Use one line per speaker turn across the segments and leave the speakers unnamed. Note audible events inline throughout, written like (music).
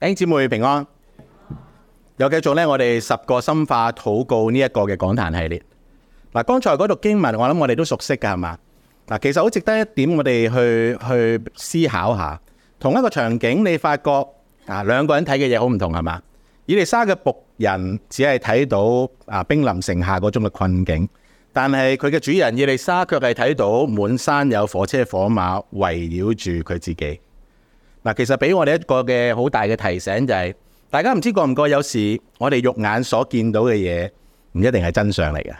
兄姊妹平安，又繼續咧，我哋十個深化禱告呢一個嘅講壇系列。嗱，剛才嗰度經文，我諗我哋都熟悉噶，係嘛？嗱，其實好值得一點我們，我哋去去思考一下，同一個場景，你發覺啊，兩個人睇嘅嘢好唔同，係嘛？以利沙嘅僕人只係睇到啊兵臨城下嗰種嘅困境，但係佢嘅主人以利沙，卻係睇到滿山有火車的火馬圍繞住佢自己。嗱，其實俾我哋一個嘅好大嘅提醒就係，大家唔知覺唔覺，有時我哋肉眼所見到嘅嘢唔一定係真相嚟嘅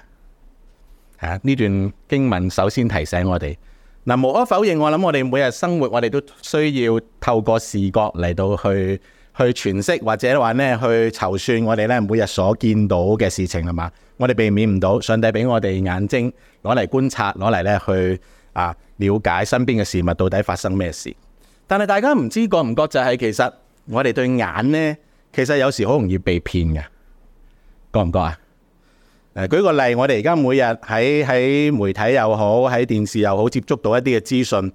吓。呢段經文首先提醒我哋，嗱，無可否認，我諗我哋每日生活，我哋都需要透過視覺嚟到去去詮釋或者話咧去籌算我哋咧每日所見到嘅事情係嘛？我哋避免唔到。上帝俾我哋眼睛攞嚟觀察，攞嚟咧去啊了解身邊嘅事物到底發生咩事。但係大家唔知覺唔覺就係，其實我哋對眼呢，其實有時好容易被騙嘅，覺唔覺啊？誒，舉個例，我哋而家每日喺喺媒體又好，喺電視又好，接觸到一啲嘅資訊，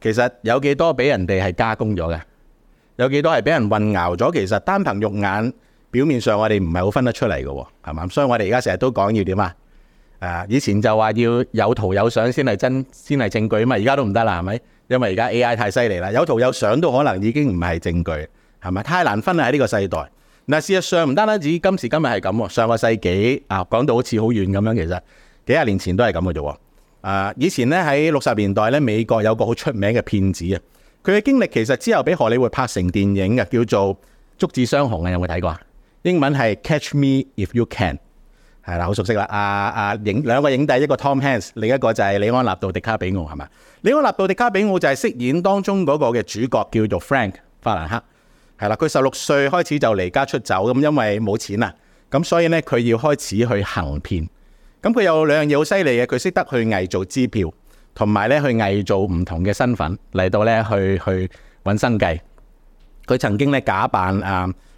其實有幾多俾人哋係加工咗嘅，有幾多係俾人混淆咗？其實單憑肉眼，表面上我哋唔係好分得出嚟嘅，係嘛？所以我哋而家成日都講要點啊？誒，以前就話要有圖有相先係真，先係證據啊嘛，而家都唔得啦，係咪？因為而家 A.I. 太犀利啦，有圖有相都可能已經唔係證據，係咪太難分啦？喺呢個世代嗱，但事實上唔單單止今時今日係咁喎，上個世紀啊，講到好似好遠咁樣，其實幾廿年前都係咁嘅啫喎。啊，以前咧喺六十年代咧，美國有個好出名嘅騙子啊，佢嘅經歷其實之後俾荷里活拍成電影嘅，叫做《捉智雙雄》啊，有冇睇過啊？英文係《Catch Me If You Can》。係啦，好熟悉啦。阿、啊、阿、啊、影兩個影帝，一個 Tom Hanks，另一個就係李安納度迪卡比奧，係嘛？李安納度迪卡比奧就係飾演當中嗰個嘅主角，叫做 Frank 法蘭克。係啦，佢十六歲開始就離家出走，咁因為冇錢啦，咁所以咧佢要開始去行騙。咁佢有兩樣嘢好犀利嘅，佢識得去偽造支票，呢同埋咧去偽造唔同嘅身份嚟到咧去去搵生計。佢曾經咧假扮誒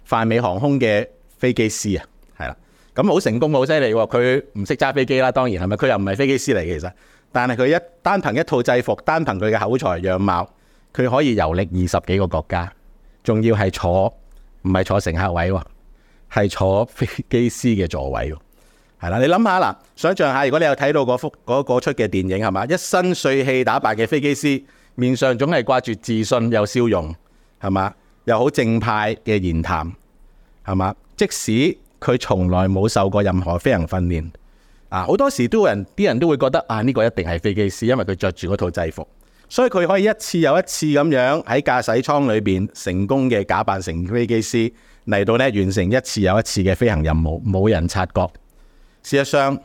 泛、啊、美航空嘅飛機師啊，係啦。咁好成功，好犀利喎！佢唔識揸飛機啦，當然係咪？佢又唔係飛機師嚟嘅，其實，但係佢一單憑一套制服，單憑佢嘅口才、樣貌，佢可以遊歷二十幾個國家，仲要係坐唔係坐乘客位喎，係坐飛機師嘅座位喎。係啦，你諗下啦，想像下，如果你有睇到嗰幅嗰個出嘅電影係嘛？一身帥氣打扮嘅飛機師，面上總係掛住自信又笑容，係嘛？又好正派嘅言談，係嘛？即使佢從來冇受過任何飛行訓練，啊，好多時都有人啲人都會覺得啊，呢個一定係飛機師，因為佢着住嗰套制服，所以佢可以一次又一次咁樣喺駕駛艙裏邊成功嘅假扮成飛機師嚟到咧，完成一次又一次嘅飛行任務，冇人察覺。事實上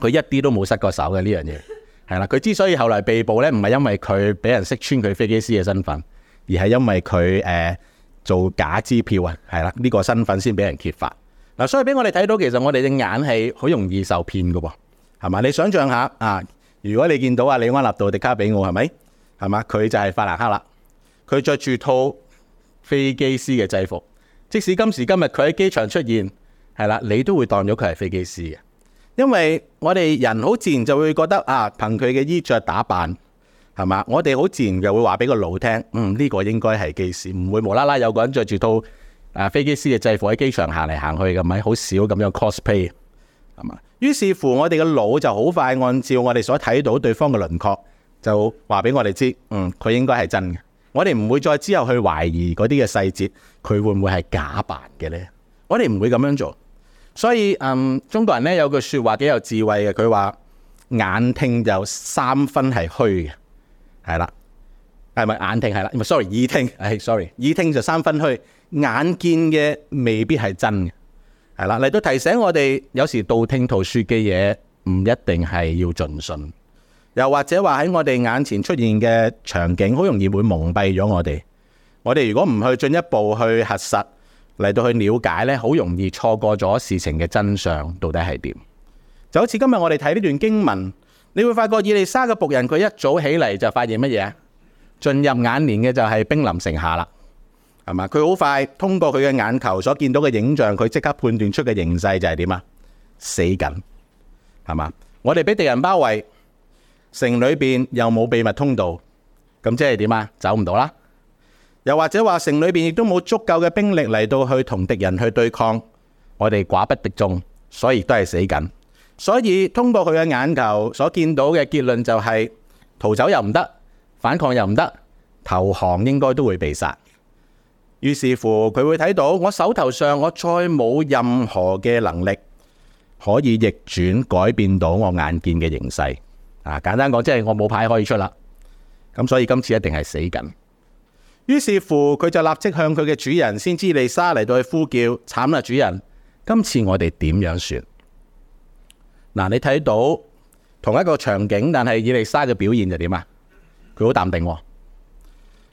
佢一啲都冇失過手嘅呢樣嘢，係啦。佢之所以後嚟被捕呢，唔係因為佢俾人識穿佢飛機師嘅身份，而係因為佢誒、呃、做假支票啊，係啦，呢個身份先俾人揭發。嗱，所以俾我哋睇到，其實我哋隻眼係好容易受騙嘅喎，係嘛？你想象下啊，如果你見到阿李安納道迪卡比奧，係咪？係嘛？佢就係法蘭克啦，佢着住套飛機師嘅制服，即使今時今日佢喺機場出現，係啦，你都會當咗佢係飛機師嘅，因為我哋人好自然就會覺得啊，憑佢嘅衣着打扮，係嘛？我哋好自然就會話俾個腦聽，嗯，呢個應該係機師，唔會無啦啦有個人着住套。啊！飛機師嘅制服喺機場行嚟行去嘅，咪好少咁樣 cosplay 係嘛？於是乎，我哋嘅腦就好快按照我哋所睇到對方嘅輪廓，就話俾我哋知，嗯，佢應該係真嘅。我哋唔會再之後去懷疑嗰啲嘅細節，佢會唔會係假扮嘅呢？我哋唔會咁樣做。所以，嗯，中國人咧有句説話幾有智慧嘅，佢話眼聽就三分係虛嘅，係啦，係咪眼聽係啦？sorry，耳聽，誒，sorry，耳聽就三分虛。眼見嘅未必係真係啦嚟到提醒我哋，有時道聽途說嘅嘢唔一定係要盡信，又或者話喺我哋眼前出現嘅場景，好容易會蒙蔽咗我哋。我哋如果唔去進一步去核實，嚟到去了解呢好容易錯過咗事情嘅真相到底係點。就好似今日我哋睇呢段經文，你會發覺以利沙嘅僕人佢一早起嚟就發現乜嘢？進入眼簾嘅就係兵臨城下啦。係嘛？佢好快通過佢嘅眼球所見到嘅影像，佢即刻判斷出嘅形勢就係點啊？死緊係嘛？我哋俾敵人包圍，城裏邊又冇秘密通道，咁即係點啊？走唔到啦。又或者話城裏邊亦都冇足夠嘅兵力嚟到去同敵人去對抗，我哋寡不敵眾，所以亦都係死緊。所以通過佢嘅眼球所見到嘅結論就係逃走又唔得，反抗又唔得，投降應該都會被殺。於是乎，佢會睇到我手頭上我再冇任何嘅能力可以逆轉改變到我眼見嘅形勢。啊，簡單講，即係我冇牌可以出啦。咁所以今次一定係死緊。於是乎，佢就立即向佢嘅主人先知利沙嚟到去呼叫。慘啦，主人，今次我哋點樣算？嗱，你睇到同一個場景，但係以利沙嘅表現就點啊？佢好淡定喎。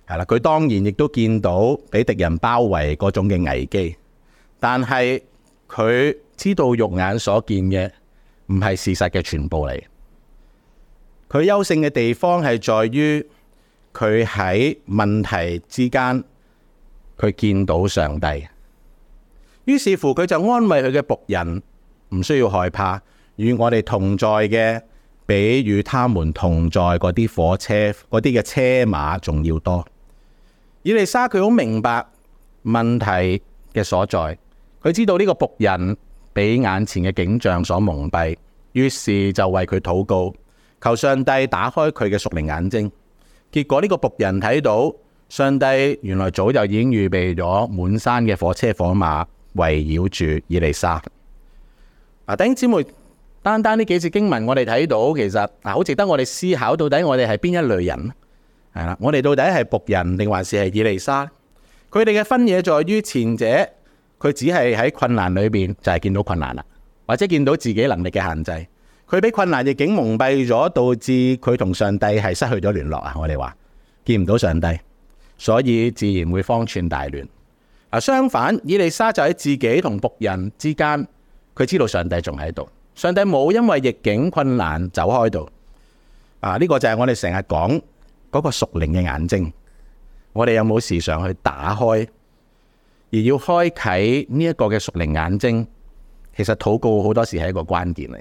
係啦，佢當然亦都見到俾敵人包圍嗰種嘅危機，但係佢知道肉眼所見嘅唔係事實嘅全部嚟。佢優勝嘅地方係在於佢喺問題之間，佢見到上帝。於是乎佢就安慰佢嘅僕人，唔需要害怕，與我哋同在嘅比與他們同在嗰啲火車嗰啲嘅車馬仲要多。以利沙佢好明白問題嘅所在，佢知道呢個僕人俾眼前嘅景象所蒙蔽，於是就為佢禱告，求上帝打開佢嘅屬靈眼睛。結果呢個僕人睇到上帝原來早就已經預備咗滿山嘅火車火馬圍繞住以利沙。啊，弟兄姊妹，單單呢幾節經文我哋睇到，其實好值得我哋思考，到底我哋係邊一類人？係啦，我哋到底係僕人定還是係以利沙？佢哋嘅分野在於前者，佢只係喺困難裏邊就係、是、見到困難啦，或者見到自己能力嘅限制。佢俾困難逆境蒙蔽咗，導致佢同上帝係失去咗聯絡啊！我哋話見唔到上帝，所以自然會方寸大亂。啊，相反，以利沙就喺自己同僕人之間，佢知道上帝仲喺度，上帝冇因為逆境困難走開度。啊，呢、這個就係我哋成日講。嗰個屬靈嘅眼睛，我哋有冇時常去打開？而要開啟呢一個嘅屬靈眼睛，其實禱告好多時係一個關鍵嚟。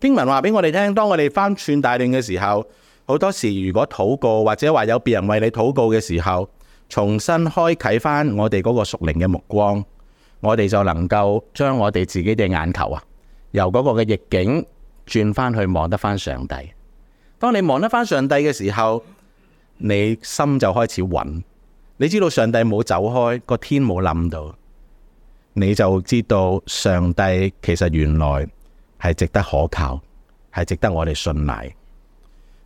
經文話俾我哋聽，當我哋翻轉大亂嘅時候，好多時如果禱告或者話有別人為你禱告嘅時候，重新開啟翻我哋嗰個屬靈嘅目光，我哋就能夠將我哋自己嘅眼球啊，由嗰個嘅逆境轉翻去望得翻上帝。當你望得翻上帝嘅時候，你心就開始穩，你知道上帝冇走開，個天冇冧到，你就知道上帝其實原來係值得可靠，係值得我哋信賴。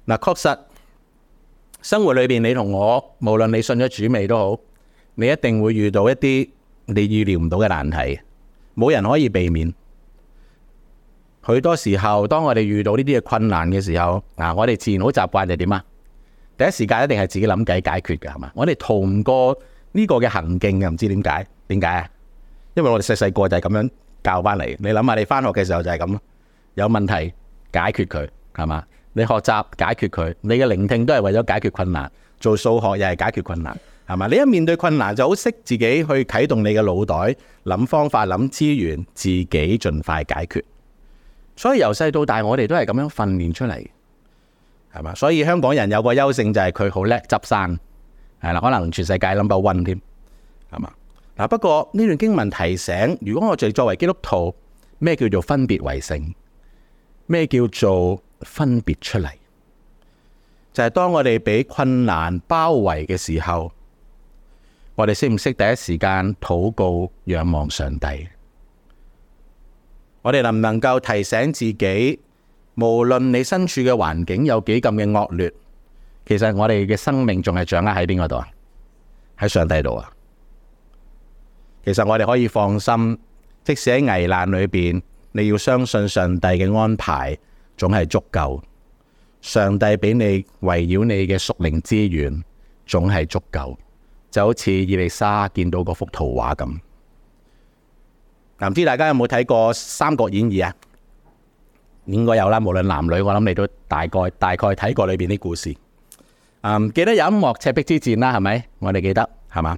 嗱，確實生活裏邊你同我，無論你信咗主未都好，你一定會遇到一啲你預料唔到嘅難題，冇人可以避免。許多時候，當我哋遇到呢啲嘅困難嘅時候，嗱，我哋自然好習慣就點啊？第一時間一定係自己諗計解決嘅，係嘛？我哋逃唔過呢個嘅行徑嘅，唔知點解？點解啊？因為我哋細細個就係咁樣教翻嚟。你諗下，你翻學嘅時候就係咁咯。有問題解決佢，係嘛？你學習解決佢，你嘅聆聽都係為咗解決困難。做數學又係解決困難，係嘛？你一面對困難就好識自己去啟動你嘅腦袋，諗方法、諗資源，自己盡快解決。所以由細到大，我哋都係咁樣訓練出嚟。係嘛？所以香港人有個優勝就係佢好叻執生，係啦，可能全世界 number one 添，係嘛？嗱，不過呢段經文提醒，如果我哋作為基督徒，咩叫做分別為聖？咩叫做分別出嚟？就係、是、當我哋畀困難包圍嘅時候，我哋識唔識第一時間禱告仰望上帝？我哋能唔能夠提醒自己？無論你身處嘅環境有幾咁嘅惡劣，其實我哋嘅生命仲係掌握喺邊個度啊？喺上帝度啊！其實我哋可以放心，即使喺危難裏邊，你要相信上帝嘅安排總係足夠。上帝俾你圍繞你嘅屬靈資源總係足夠，就好似以利沙見到嗰幅圖畫咁。唔知大家有冇睇過《三國演義》啊？應該有啦，無論男女，我諗你都大概大概睇過裏邊啲故事。嗯，記得有一幕赤壁之戰啦，係咪？我哋記得係嘛？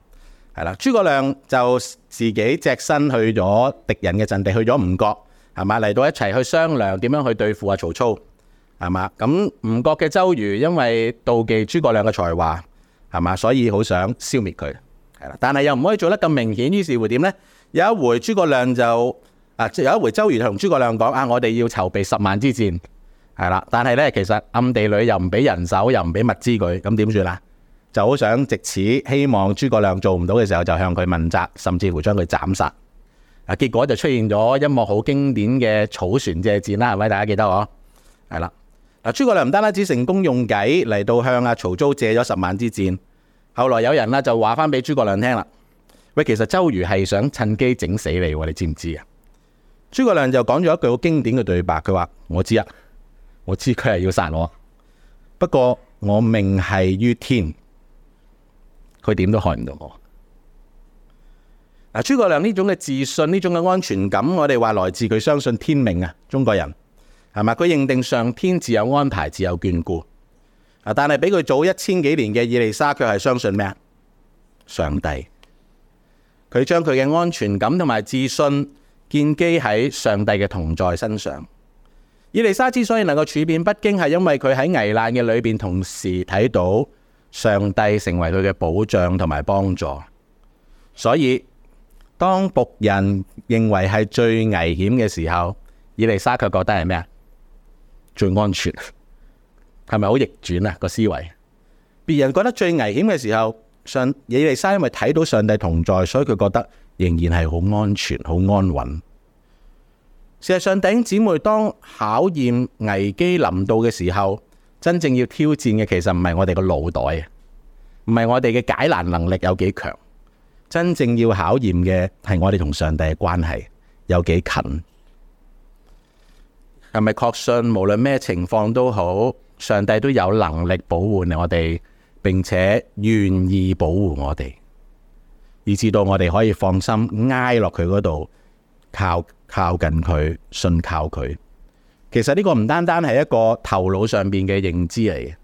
係啦，諸葛亮就自己隻身去咗敵人嘅陣地，去咗吳國，係嘛？嚟到一齊去商量點樣去對付阿曹操，係嘛？咁吳國嘅周瑜因為妒忌諸葛亮嘅才華，係嘛，所以好想消滅佢，係啦。但係又唔可以做得咁明顯，於是會點呢？有一回諸葛亮就。啊！有一回，周瑜同諸葛亮講：啊，我哋要籌備十萬支箭，係啦。但係呢，其實暗地裏又唔俾人手，又唔俾物資佢，咁點算啊？就好想藉此，希望諸葛亮做唔到嘅時候，就向佢問責，甚至乎將佢斬殺。啊！結果就出現咗一幕好經典嘅草船借箭啦，係咪？大家記得我？係啦。嗱、啊，諸葛亮唔單單只成功用計嚟到向阿曹操借咗十萬支箭，後來有人呢，就話翻俾諸葛亮聽啦。喂，其實周瑜係想趁機整死你喎，你知唔知啊？諸葛亮就講咗一句好經典嘅對白，佢話：我知啊，我知佢係要殺我，不過我命係於天，佢點都害唔到我。嗱，諸葛亮呢種嘅自信、呢種嘅安全感，我哋話來自佢相信天命啊。中國人係嘛，佢認定上天自有安排、自有眷顧。啊，但係比佢早一千幾年嘅以利沙，佢係相信咩啊？上帝，佢將佢嘅安全感同埋自信。建基喺上帝嘅同在身上，以利沙之所以能夠處變不驚，係因為佢喺危難嘅裏邊同時睇到上帝成為佢嘅保障同埋幫助。所以當僕人認為係最危險嘅時候，以利沙卻覺得係咩啊？最安全，係咪好逆轉啊個思維？別人覺得最危險嘅時候，上以利沙因為睇到上帝同在，所以佢覺得。仍然係好安全、好安穩。事實上，頂姊妹，當考驗危機臨到嘅時候，真正要挑戰嘅其實唔係我哋個腦袋，唔係我哋嘅解難能力有幾強。真正要考驗嘅係我哋同上帝嘅關係有幾近，係咪確信無論咩情況都好，上帝都有能力保護我哋，並且願意保護我哋？以至到我哋可以放心挨落佢嗰度，靠靠近佢，信靠佢。其實呢個唔單單係一個頭腦上邊嘅認知嚟嘅，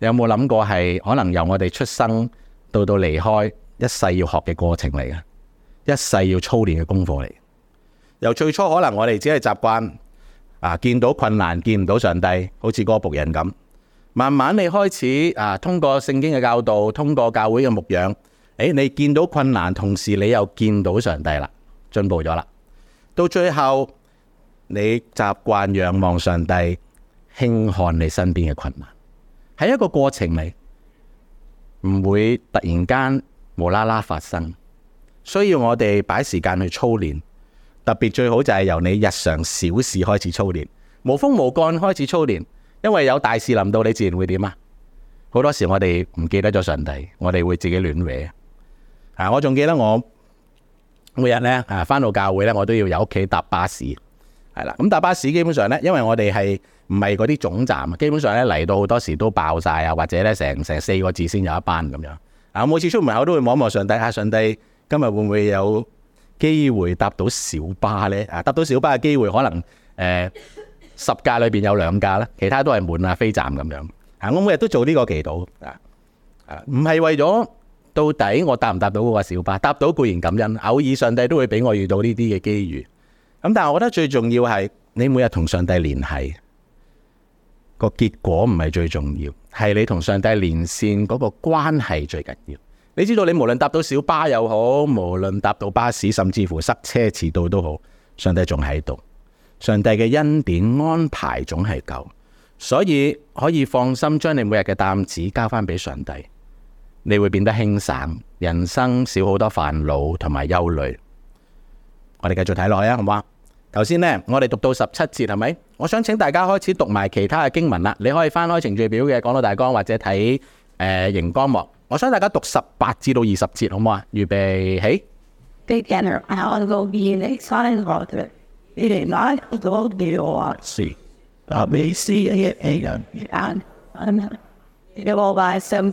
你有冇諗過係可能由我哋出生到到離開，一世要學嘅過程嚟嘅，一世要操練嘅功課嚟。由最初可能我哋只係習慣啊，見到困難見唔到上帝，好似個僕人咁。慢慢你開始啊，通過聖經嘅教導，通過教會嘅牧養。你、哎、你見到困難，同時你又見到上帝啦，進步咗啦。到最後你習慣仰望上帝，輕看你身邊嘅困難，係一個過程嚟，唔會突然間無啦啦發生。需要我哋擺時間去操練，特別最好就係由你日常小事開始操練，無風無干開始操練，因為有大事臨到，你自然會點啊！好多時我哋唔記得咗上帝，我哋會自己亂搲。啊！我仲記得我每日咧啊，返到教會咧，我都要由屋企搭巴士，係啦。咁搭巴士基本上咧，因為我哋係唔係嗰啲總站，基本上咧嚟到好多時都爆曬啊，或者咧成成四個字先有一班咁樣。啊，每次出門口都會望一望上帝啊，上帝今日會唔會有機會搭到小巴咧？啊，搭到小巴嘅機會可能誒十架裏邊有兩架啦，其他都係滿啊飛站咁樣。啊，我每日都做呢個祈禱啊，啊，唔係為咗。到底我搭唔搭到嗰個小巴？搭到固然感恩，偶爾上帝都會俾我遇到呢啲嘅機遇。咁但係我覺得最重要係你每日同上帝聯繫，個結果唔係最重要，係你同上帝連線嗰個關係最緊要。你知道你無論搭到小巴又好，無論搭到巴士，甚至乎塞車遲到都好，上帝仲喺度。上帝嘅恩典安排總係夠，所以可以放心將你每日嘅擔子交翻俾上帝。你會變得輕省，人生少好多煩惱同埋憂慮。我哋繼續睇落去啊，好唔好？頭先呢，我哋讀到十七節，係咪？我想請大家開始讀埋其他嘅經文啦。你可以翻開程序表嘅《講道大綱》，或者睇誒熒光幕。我想大家讀十八至到二十節，好唔好啊？預備起。
生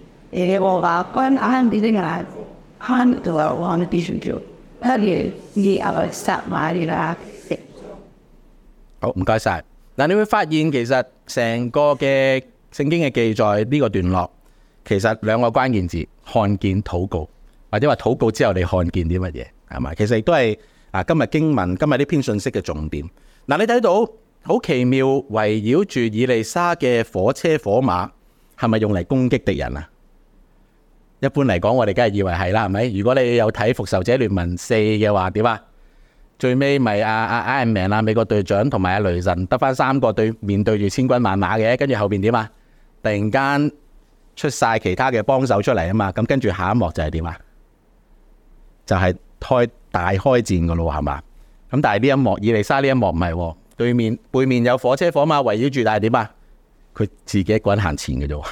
耶和華看，看聽見，看得了，看得清楚。他的耶和華是馬利亞。
好，唔該晒。嗱，你會發現其實成個嘅聖經嘅記載呢個段落，其實兩個關鍵字：看見、禱告，或者話禱告之後你看見啲乜嘢係嘛？其實亦都係啊，今日經文今日呢篇信息嘅重點。嗱，你睇到好奇妙，圍繞住以利沙嘅火車火馬係咪用嚟攻擊敵人啊？一般嚟講，我哋梗係以為係啦，係咪？如果你有睇《復仇者聯盟四》嘅話，點啊？最尾咪阿阿 Iron Man 啦、啊、美國隊長同埋阿雷神得返三個對面，面對住千軍萬馬嘅，跟住後邊點啊？突然間出晒其他嘅幫手出嚟啊嘛！咁跟住下一幕就係點啊？就係、是、開大開戰嘅咯，係嘛？咁但係呢一幕，以利沙呢一幕唔係喎。對面背面有火車火馬，圍繞住，但係點啊？佢自己一個人行前嘅啫喎。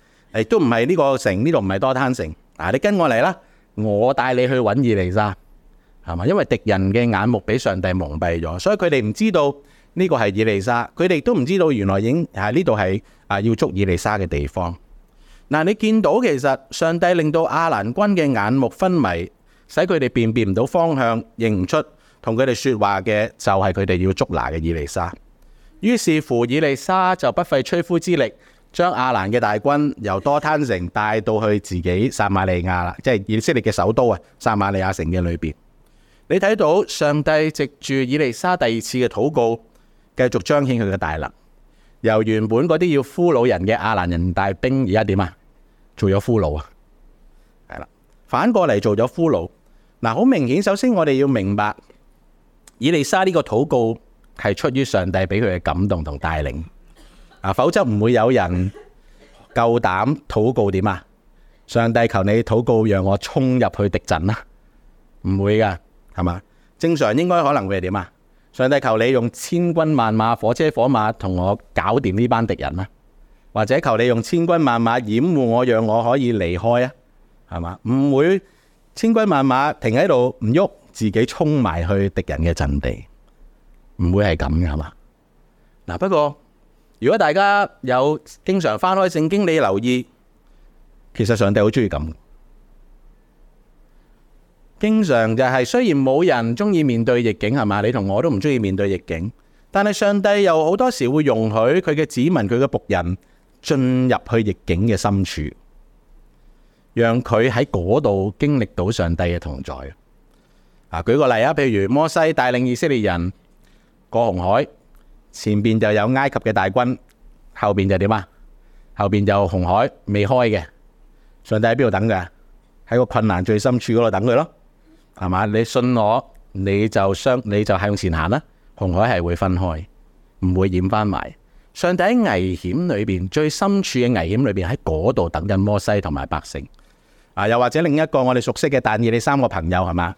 亦都唔係呢個城，呢度唔係多坍城。嗱，你跟我嚟啦，我帶你去揾以利沙，係嘛？因為敵人嘅眼目俾上帝蒙蔽咗，所以佢哋唔知道呢個係以利沙，佢哋都唔知道原來已經喺呢度係啊要捉以利沙嘅地方。嗱，你見到其實上帝令到亞蘭軍嘅眼目昏迷，使佢哋辨別唔到方向，認唔出同佢哋説話嘅就係佢哋要捉拿嘅以利沙。於是乎，以利沙就不費吹灰之力。將亞蘭嘅大軍由多坍城帶到去自己撒馬利亞啦，即係以色列嘅首都啊，撒馬利亞城嘅裏邊。你睇到上帝藉住以利沙第二次嘅禱告，繼續彰顯佢嘅大能。由原本嗰啲要俘虜人嘅亞蘭人大兵，而家點啊？做咗俘虜啊？係啦，反過嚟做咗俘虜。嗱，好明顯，首先我哋要明白，以利沙呢個禱告係出於上帝俾佢嘅感動同帶領。啊，否則唔會有人夠膽禱告點啊？上帝求你禱告，讓我衝入去敵陣啊？唔會噶，係嘛？正常應該可能會係點啊？上帝求你用千軍萬馬、火車火馬同我搞掂呢班敵人啊，或者求你用千軍萬馬掩護我，讓我可以離開啊？係嘛？唔會千軍萬馬停喺度唔喐，自己衝埋去敵人嘅陣地，唔會係咁嘅，係嘛？嗱，不過。如果大家有經常翻開聖經，你留意，其實上帝好中意咁。經常就係雖然冇人中意面對逆境，係嘛？你同我都唔中意面對逆境，但係上帝又好多時會容許佢嘅子民，佢嘅僕人進入去逆境嘅深處，讓佢喺嗰度經歷到上帝嘅同在。啊，舉個例啊，譬如摩西帶領以色列人過紅海。前邊就有埃及嘅大軍，後邊就點啊？後邊就紅海未開嘅，上帝喺邊度等嘅？喺個困難最深處嗰度等佢咯，係嘛？你信我，你就相，你就向前行啦。紅海係會分開，唔會掩翻埋。上帝喺危險裏邊，最深處嘅危險裏邊，喺嗰度等緊摩西同埋百姓。啊，又或者另一個我哋熟悉嘅但以理三個朋友，係嘛？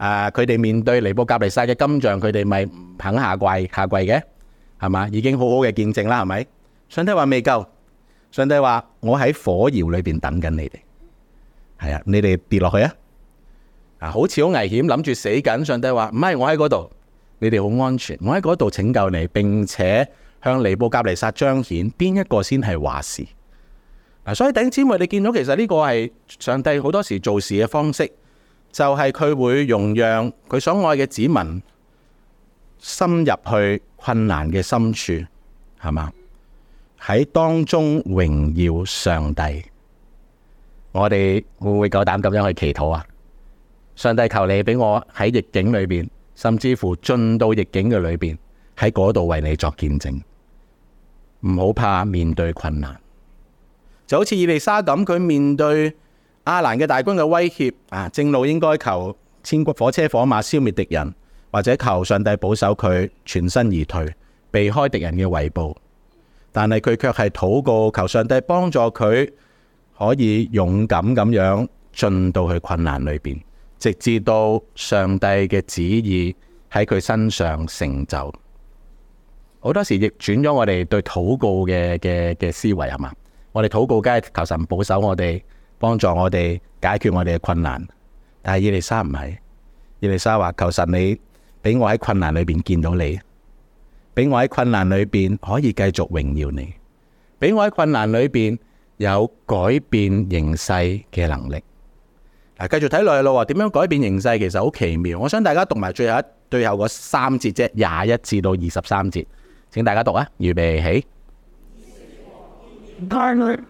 啊！佢哋面對尼布甲尼撒嘅金像，佢哋咪唔肯下跪下跪嘅，係嘛？已經好好嘅見證啦，係咪？上帝話未夠，上帝話我喺火窯裏邊等緊你哋，係啊！你哋跌落去啊！啊，好似好危險，諗住死緊。上帝話唔係，我喺嗰度，你哋好安全，我喺嗰度拯救你，並且向尼布甲尼撒彰顯邊一個先係話事。嗱，所以弟兄姊妹，你見到其實呢個係上帝好多時做事嘅方式。就係、是、佢會容讓佢所愛嘅子民深入去困難嘅深處，係嘛？喺當中榮耀上帝。我哋會唔會夠膽咁樣去祈禱啊？上帝，求你俾我喺逆境裏邊，甚至乎進到逆境嘅裏邊，喺嗰度為你作見證。唔好怕面對困難，就好似以利沙咁，佢面對。阿蘭嘅大軍嘅威脅啊，正路應該求千骨火車火馬消滅敵人，或者求上帝保守佢全身而退，避開敵人嘅圍捕。但係佢卻係禱告求上帝幫助佢可以勇敢咁樣進到去困難裏邊，直至到上帝嘅旨意喺佢身上成就。好多時逆轉咗我哋對禱告嘅嘅嘅思維，係嘛？我哋禱告梗係求神保守我哋。幫助我哋解決我哋嘅困難，但係以利沙唔係，以利沙話，求神你俾我喺困難裏邊見到你，俾我喺困難裏邊可以繼續榮耀你，俾我喺困難裏邊有改變形勢嘅能力。嗱，繼續睇落去咯，點樣改變形勢其實好奇妙。我想大家讀埋最後一最後個三節啫，廿一至到二十三節，請大家讀啊，預備起。 (music)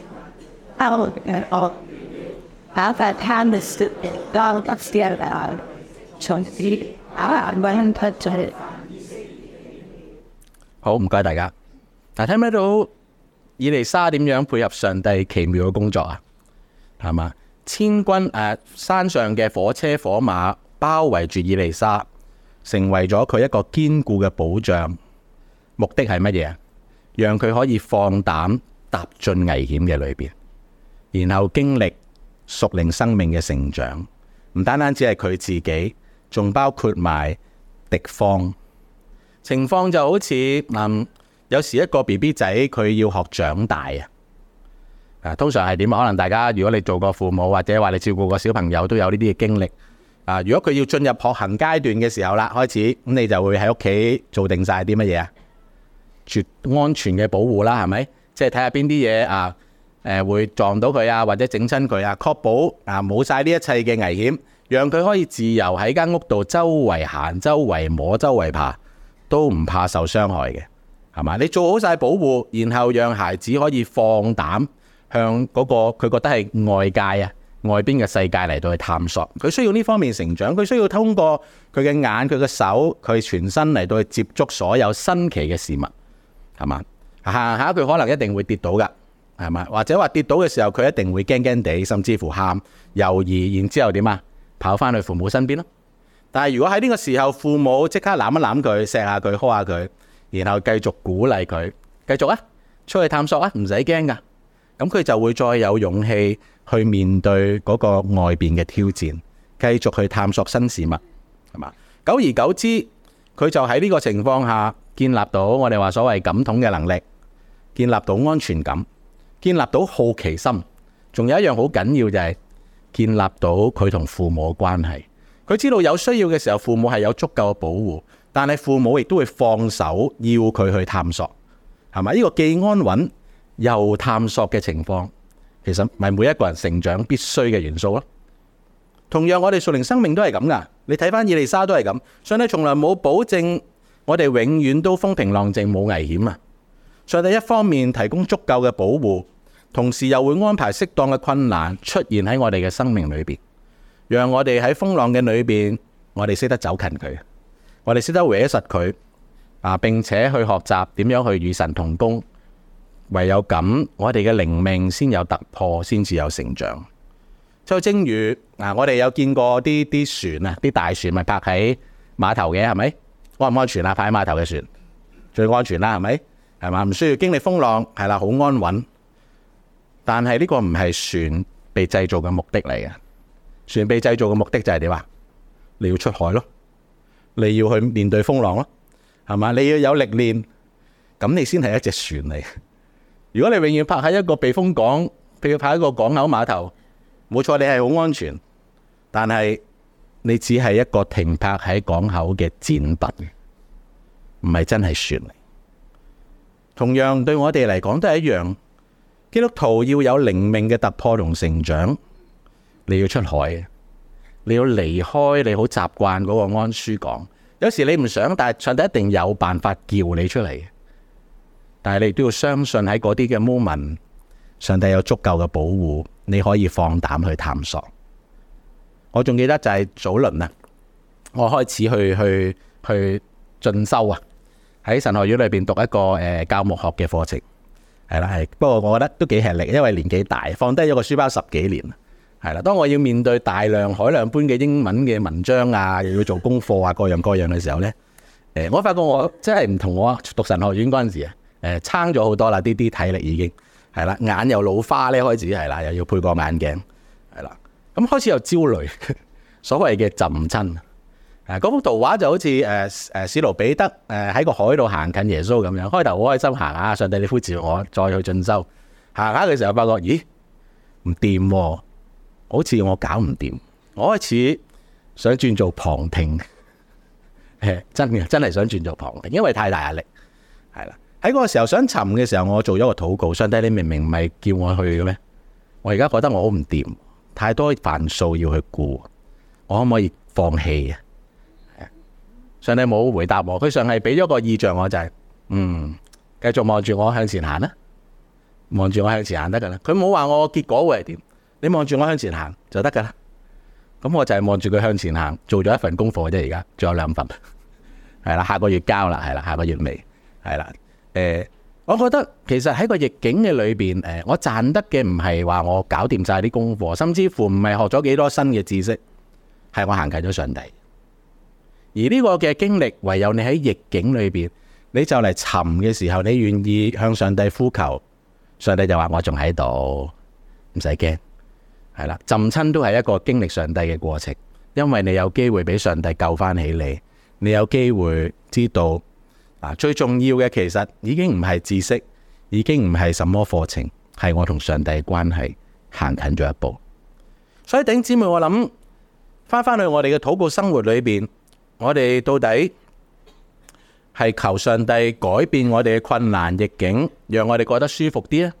好唔該，謝謝大家但、啊、聽唔聽到以利沙點樣配合上帝奇妙嘅工作啊？係嘛，千軍誒、啊、山上嘅火車火馬包圍住以利沙，成為咗佢一個堅固嘅保障。目的係乜嘢？讓佢可以放膽踏進危險嘅裏邊。然後經歷屬靈生命嘅成長，唔單單只係佢自己，仲包括埋敵方情況就好似嗯，有時一個 B B 仔佢要學長大啊，通常係點？可能大家如果你做過父母或者話你照顧過小朋友都有呢啲嘅經歷啊。如果佢要進入學行階段嘅時候啦，開始咁你就會喺屋企做定晒啲乜嘢啊？絕安全嘅保護啦，係咪？即係睇下邊啲嘢啊？誒會撞到佢啊，或者整親佢啊，確保啊冇晒呢一切嘅危險，讓佢可以自由喺間屋度周圍行、周圍摸、周圍爬，都唔怕受傷害嘅，係嘛？你做好晒保護，然後讓孩子可以放膽向嗰個佢覺得係外界啊，外邊嘅世界嚟到去探索。佢需要呢方面成長，佢需要通過佢嘅眼、佢嘅手、佢全身嚟到去接觸所有新奇嘅事物，係嘛？行下佢可能一定會跌到噶。係嘛？或者話跌倒嘅時候，佢一定會驚驚地，甚至乎喊猶豫，然之後點啊？跑翻去父母身邊咯。但係如果喺呢個時候，父母即刻攬一攬佢，錫下佢，呵下佢，然後繼續鼓勵佢，繼續啊，出去探索啊，唔使驚噶。咁佢就會再有勇氣去面對嗰個外邊嘅挑戰，繼續去探索新事物，係嘛？久而久之，佢就喺呢個情況下建立到我哋話所謂感統嘅能力，建立到安全感。建立到好奇心，仲有一樣好緊要，就係建立到佢同父母嘅關係。佢知道有需要嘅時候，父母係有足夠嘅保護，但係父母亦都會放手要佢去探索，係咪？呢個既安穩又探索嘅情況，其實咪每一個人成長必須嘅元素咯。同樣，我哋屬靈生命都係咁噶。你睇翻以利沙都係咁，上帝從來冇保證我哋永遠都風平浪靜冇危險啊。上帝一方面提供足夠嘅保護。同時又會安排適當嘅困難出現喺我哋嘅生命裏邊，讓我哋喺風浪嘅裏邊，我哋識得走近佢，我哋識得搲實佢啊！並且去學習點樣去與神同工。唯有咁，我哋嘅靈命先有突破，先至有成長。所以正如啊，我哋有見過啲啲船啊，啲大船咪泊喺碼頭嘅，係咪？安唔安全啊？泊喺碼頭嘅船最安全啦，啊，係咪？係嘛？唔需要經歷風浪，係啦，好安穩。但係呢個唔係船被製造嘅目的嚟嘅，船被製造嘅目的就係點啊？你要出海咯，你要去面對風浪咯，係嘛？你要有歷練，咁你先係一隻船嚟。如果你永遠泊喺一個避風港，譬如泊喺一個港口碼頭冇錯，你係好安全，但係你只係一個停泊喺港口嘅展品，唔係真係船嚟。同樣對我哋嚟講都係一樣。基督徒要有靈命嘅突破同成長，你要出海，你要離開你好習慣嗰個安舒港。有時你唔想，但係上帝一定有辦法叫你出嚟嘅。但係你都要相信喺嗰啲嘅 moment，上帝有足夠嘅保護，你可以放膽去探索。我仲記得就係早輪啊，我開始去去去進修啊，喺神學院裏邊讀一個誒教牧學嘅課程。係啦，係。不過我覺得都幾吃力，因為年紀大，放低咗個書包十幾年啦。係啦，當我要面對大量海量般嘅英文嘅文章啊，又要做功課啊，各樣各樣嘅時候咧，誒、欸，我發覺我真係唔同我讀神學院嗰陣時啊，誒、欸，撐咗好多啦，啲啲體力已經係啦，眼又老花咧，開始係啦，又要配個眼鏡係啦，咁開始又焦慮，所謂嘅浸親。嗰、啊、幅圖畫就好似誒誒史路彼得誒喺個海度行緊耶穌咁樣，開頭好開心行下，上帝你呼召我再去進修，行下嘅時候發覺，咦唔掂、啊，好似我搞唔掂，我開始想轉做旁聽，真嘅真係想轉做旁聽，因為太大壓力，係啦。喺個時候想沉嘅時候，我做咗個禱告，上帝你明明唔係叫我去嘅咩？我而家覺得我好唔掂，太多凡數要去顧，我可唔可以放棄啊？上帝冇回答我，佢上係俾咗個意象我，就係嗯，繼續望住我向前行啦，望住我向前行得噶啦。佢冇話我結果會係點，你望住我向前行就得噶啦。咁我就係望住佢向前行，做咗一份功課啫。而家仲有兩份，係啦，下個月交啦，係啦，下個月尾，係啦。誒，我覺得其實喺個逆境嘅裏邊，誒，我賺得嘅唔係話我搞掂曬啲功課，甚至乎唔係學咗幾多新嘅知識，係我行近咗上帝。而呢個嘅經歷，唯有你喺逆境裏邊，你就嚟沉嘅時候，你願意向上帝呼求，上帝就話：我仲喺度，唔使驚。係啦，浸親都係一個經歷上帝嘅過程，因為你有機會俾上帝救翻起你，你有機會知道嗱。最重要嘅其實已經唔係知識，已經唔係什麼課程，係我同上帝嘅關係行近咗一步。所以頂姊妹，我諗翻翻去我哋嘅禱告生活裏邊。我哋到底係求上帝改變我哋嘅困難逆境，讓我哋覺得舒服啲啊？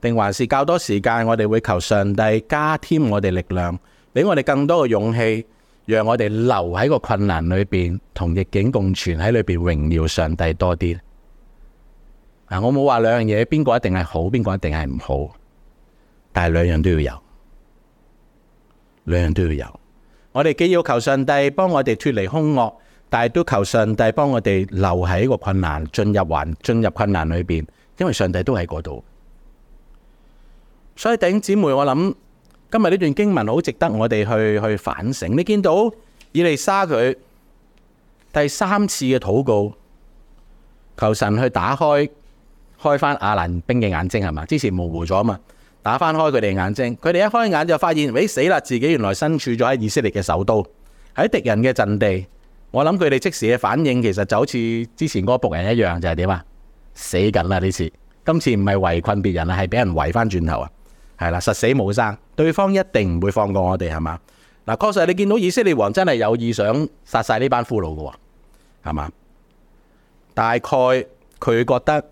定還是較多時間我哋會求上帝加添我哋力量，俾我哋更多嘅勇氣，讓我哋留喺個困難裏邊同逆境共存，喺裏邊榮耀上帝多啲？嗱，我冇話兩樣嘢，邊個一定係好，邊個一定係唔好，但係兩樣都要有，兩樣都要有。我哋既要求上帝幫我哋脱離凶惡，但係都求上帝幫我哋留喺個困難，進入環進入困難裏邊，因為上帝都喺嗰度。所以弟兄姊妹，我諗今日呢段經文好值得我哋去去反省。你見到以利沙佢第三次嘅禱告，求神去打開開翻亞蘭兵嘅眼睛，係嘛？之前模糊咗嘛？打翻開佢哋眼睛，佢哋一開眼就發現，喂、哎、死啦！自己原來身處咗喺以色列嘅首都，喺敵人嘅陣地。我諗佢哋即時嘅反應，其實就好似之前嗰個僕人一樣，就係點啊？死緊啦！呢次，今次唔係圍困別人啊，係俾人圍翻轉頭啊，係啦，實死冇生。對方一定唔會放過我哋，係嘛？嗱，確實你見到以色列王真係有意想殺晒呢班俘虜噶，係嘛？大概佢覺得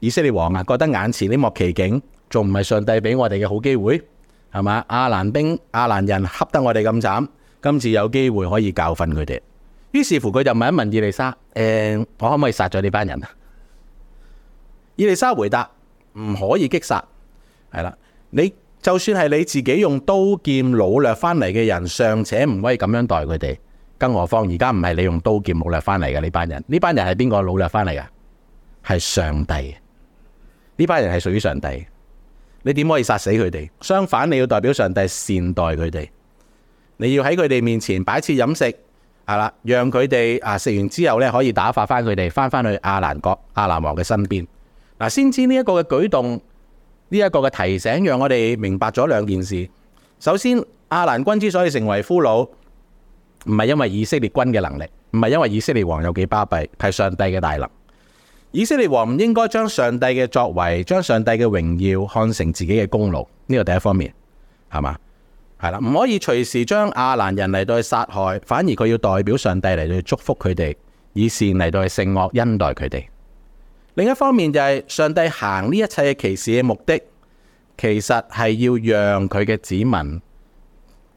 以色列王啊，覺得眼前呢幕奇景。仲唔係上帝俾我哋嘅好機會，係嘛？亞蘭兵、亞蘭人恰得我哋咁慘，今次有機會可以教訓佢哋。於是乎，佢就問一問以利沙：「誒，我可唔可以殺咗呢班人啊？以利沙回答：唔可以擊殺。係啦，你就算係你自己用刀劍擄掠翻嚟嘅人，尚且唔可以咁樣待佢哋，更何況而家唔係你用刀劍擄掠翻嚟嘅呢班人。呢班人係邊個擄掠翻嚟噶？係上帝。呢班人係屬於上帝。你點可以殺死佢哋？相反，你要代表上帝善待佢哋。你要喺佢哋面前擺設飲食，係啦，讓佢哋啊食完之後咧可以打發翻佢哋翻返去亞蘭國、亞蘭王嘅身邊。嗱，先知呢一個嘅舉動，呢一個嘅提醒，讓我哋明白咗兩件事。首先，亞蘭軍之所以成為俘虜，唔係因為以色列軍嘅能力，唔係因為以色列王有幾巴閉，係上帝嘅大能。以色列王唔應該將上帝嘅作為、將上帝嘅榮耀看成自己嘅功勞，呢個第一方面係咪？係啦，唔可以隨時將亞蘭人嚟到去殺害，反而佢要代表上帝嚟到去祝福佢哋，以善嚟到去勝惡，恩待佢哋。另一方面就係上帝行呢一切嘅奇事嘅目的，其實係要讓佢嘅子民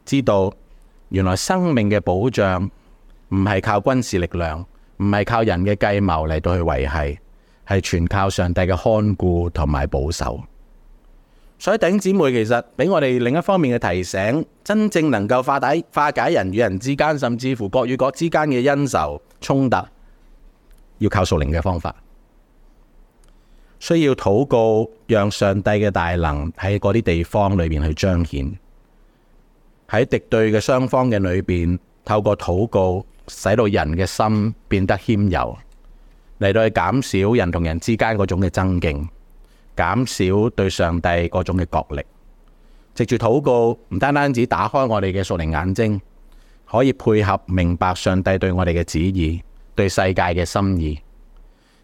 知道，原來生命嘅保障唔係靠軍事力量，唔係靠人嘅計謀嚟到去維繫。係全靠上帝嘅看顧同埋保守，所以頂姊妹其實俾我哋另一方面嘅提醒，真正能夠化解化解人與人之間，甚至乎國與國之間嘅恩仇衝突，要靠屬靈嘅方法，需要禱告，讓上帝嘅大能喺嗰啲地方裏邊去彰顯，喺敵對嘅雙方嘅裏邊，透過禱告，使到人嘅心變得謙柔。嚟到去減少人同人之間嗰種嘅爭競，減少對上帝嗰種嘅角力。藉住禱告，唔單單只打開我哋嘅屬靈眼睛，可以配合明白上帝對我哋嘅旨意，對世界嘅心意。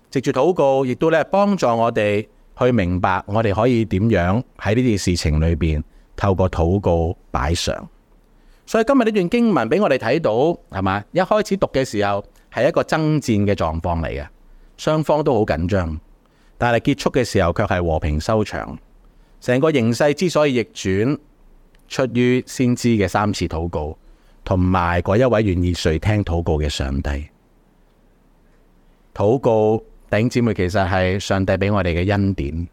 藉住禱告，亦都咧幫助我哋去明白我哋可以點樣喺呢啲事情裏邊透過禱告擺上。所以今日呢段經文俾我哋睇到，係嘛？一開始讀嘅時候係一個爭戰嘅狀況嚟嘅。雙方都好緊張，但係結束嘅時候卻係和平收場。成個形勢之所以逆轉，出於先知嘅三次禱告，同埋嗰一位願意垂聽禱告嘅上帝。禱告，弟兄姊妹，其實係上帝俾我哋嘅恩典，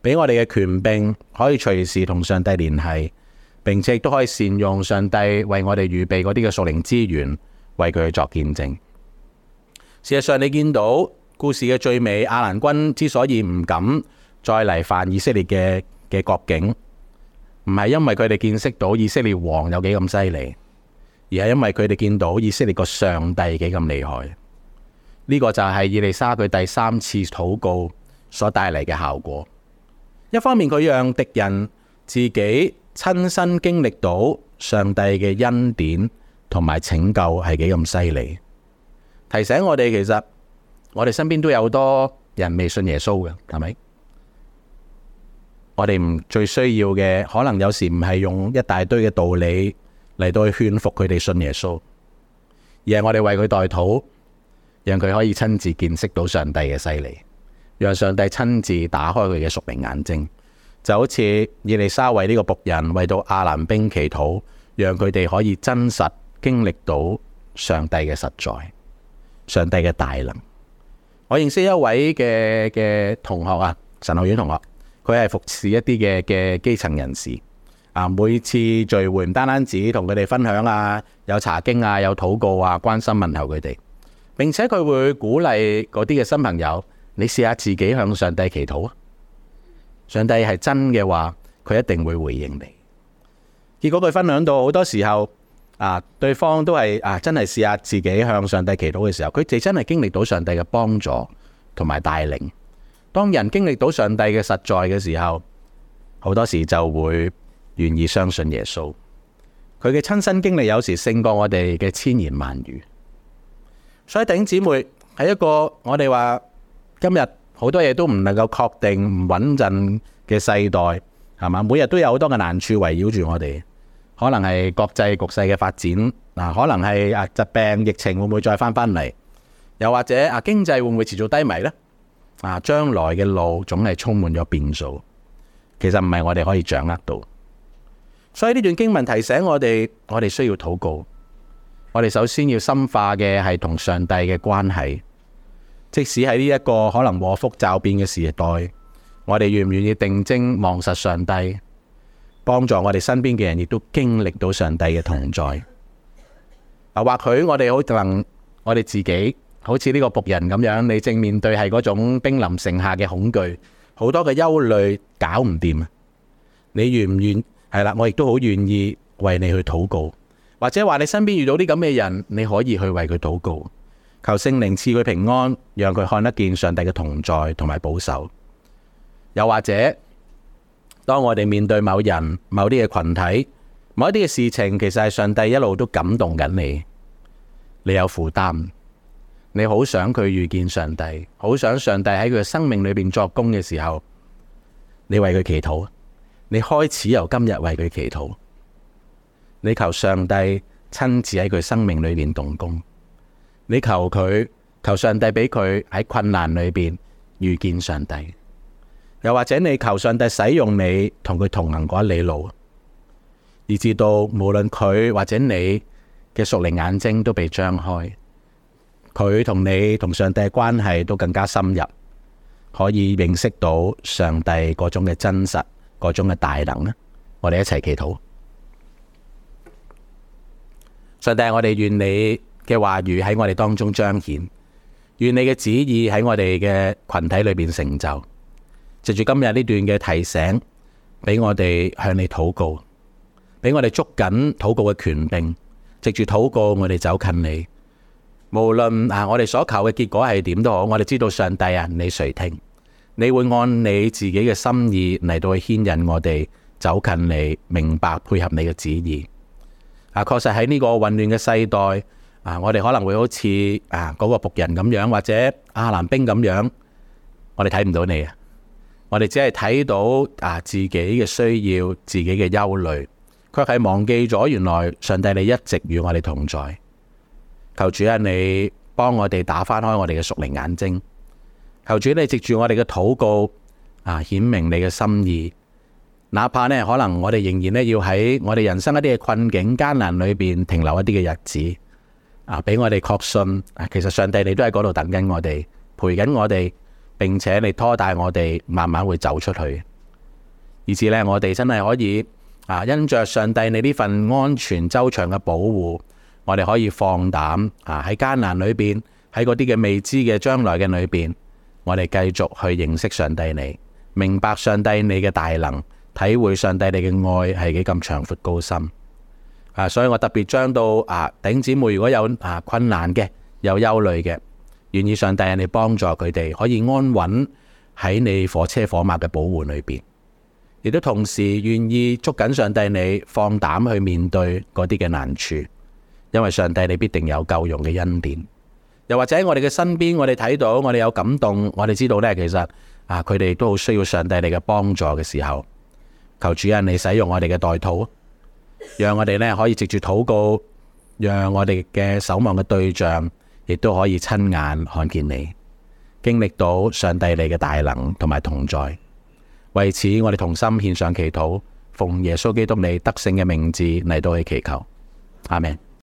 俾我哋嘅權柄，可以隨時同上帝聯繫，並且亦都可以善用上帝為我哋預備嗰啲嘅屬靈資源，為佢去作見證。事實上，你見到。故事嘅最尾，亞蘭軍之所以唔敢再嚟犯以色列嘅嘅國境，唔係因為佢哋見識到以色列王有幾咁犀利，而係因為佢哋見到以色列個上帝幾咁厲害。呢個就係以利沙佢第三次禱告所帶嚟嘅效果。一方面佢讓敵人自己親身經歷到上帝嘅恩典同埋拯救係幾咁犀利，提醒我哋其實。我哋身邊都有好多人未信耶穌嘅，係咪？我哋唔最需要嘅，可能有時唔係用一大堆嘅道理嚟到去勸服佢哋信耶穌，而係我哋為佢代禱，讓佢可以親自見識到上帝嘅勢力，讓上帝親自打開佢嘅屬靈眼睛。就好似以利沙為呢個僕人為到亞蘭兵祈禱，讓佢哋可以真實經歷到上帝嘅實在，上帝嘅大能。我認識一位嘅嘅同學啊，神學院同學，佢係服侍一啲嘅嘅基層人士啊。每次聚會唔單單止同佢哋分享啊，有查經啊，有禱告啊，關心問候佢哋。並且佢會鼓勵嗰啲嘅新朋友，你試下自己向上帝祈禱啊。上帝係真嘅話，佢一定會回應你。結果佢分享到好多時候。啊！對方都係啊，真係試下自己向上帝祈禱嘅時候，佢哋真係經歷到上帝嘅幫助同埋帶領。當人經歷到上帝嘅實在嘅時候，好多時就會願意相信耶穌。佢嘅親身經歷有時勝過我哋嘅千言萬語。所以弟兄姊妹係一個我哋話今日好多嘢都唔能夠確定、唔穩陣嘅世代，係嘛？每日都有好多嘅難處圍繞住我哋。可能係國際局勢嘅發展，嗱，可能係啊疾病疫情會唔會再翻返嚟？又或者啊經濟會唔會持續低迷呢？啊將來嘅路總係充滿咗變數，其實唔係我哋可以掌握到。所以呢段經文提醒我哋，我哋需要禱告。我哋首先要深化嘅係同上帝嘅關係，即使喺呢一個可能禍福驟變嘅時代，我哋願唔願意定睛望實上帝？幫助我哋身邊嘅人，亦都經歷到上帝嘅同在。嗱，或許我哋可能我哋自己好似呢個僕人咁樣，你正面對係嗰種兵臨城下嘅恐懼，好多嘅憂慮搞唔掂。你願唔願？係啦，我亦都好願意為你去禱告，或者話你身邊遇到啲咁嘅人，你可以去為佢禱告，求聖靈賜佢平安，讓佢看得見上帝嘅同在同埋保守。又或者，當我哋面對某人、某啲嘅群體、某一啲嘅事情，其實係上帝一路都感動緊你。你有負擔，你好想佢遇見上帝，好想上帝喺佢生命裏邊作工嘅時候，你為佢祈禱。你開始由今日為佢祈禱，你求上帝親自喺佢生命裏邊動工，你求佢，求上帝俾佢喺困難裏邊遇見上帝。又或者你求上帝使用你，同佢同行嗰一里路，以至到無論佢或者你嘅屬靈眼睛都被張開，佢同你同上帝嘅關係都更加深入，可以認識到上帝嗰種嘅真實，嗰種嘅大能咧。我哋一齊祈禱，上帝，我哋願你嘅話語喺我哋當中彰顯，願你嘅旨意喺我哋嘅群體裏邊成就。藉住今日呢段嘅提醒，俾我哋向你禱告，俾我哋捉緊禱告嘅權柄，藉住禱告，我哋走近你。無論啊，我哋所求嘅結果係點都好，我哋知道上帝啊，你垂聽，你會按你自己嘅心意嚟到去牽引我哋走近你，明白配合你嘅旨意。啊，確實喺呢個混亂嘅世代啊，我哋可能會好似啊嗰個僕人咁樣，或者亞蘭兵咁樣，我哋睇唔到你啊。我哋只係睇到啊自己嘅需要、自己嘅憂慮，卻係忘記咗原來上帝你一直與我哋同在。求主啊，你幫我哋打翻開我哋嘅屬靈眼睛。求主你藉住我哋嘅禱告啊，顯明你嘅心意。哪怕咧，可能我哋仍然咧要喺我哋人生一啲嘅困境、艱難裏邊停留一啲嘅日子啊，俾我哋確信啊，其實上帝你都喺嗰度等緊我哋，陪緊我哋。並且你拖帶我哋，慢慢會走出去。以致咧，我哋真係可以啊，因着上帝你呢份安全周長嘅保護，我哋可以放膽啊喺艱難裏邊，喺嗰啲嘅未知嘅將來嘅裏邊，我哋繼續去認識上帝你，明白上帝你嘅大能，體會上帝你嘅愛係幾咁長闊高深。啊，所以我特別將到啊，頂姊妹如果有啊困難嘅，有憂慮嘅。願意上帝你幫助佢哋，可以安穩喺你火車火馬嘅保護裏邊，亦都同時願意捉緊上帝你，放膽去面對嗰啲嘅難處，因為上帝你必定有夠用嘅恩典。又或者我哋嘅身邊，我哋睇到我哋有感動，我哋知道咧，其實啊，佢哋都好需要上帝你嘅幫助嘅時候，求主人你使用我哋嘅代禱，讓我哋咧可以藉住禱告，讓我哋嘅守望嘅對象，亦都可以親眼看見你，經歷到上帝你嘅大能同埋同在。為此，我哋同心獻上祈禱，奉耶穌基督你得勝嘅名字嚟到去祈求，阿門。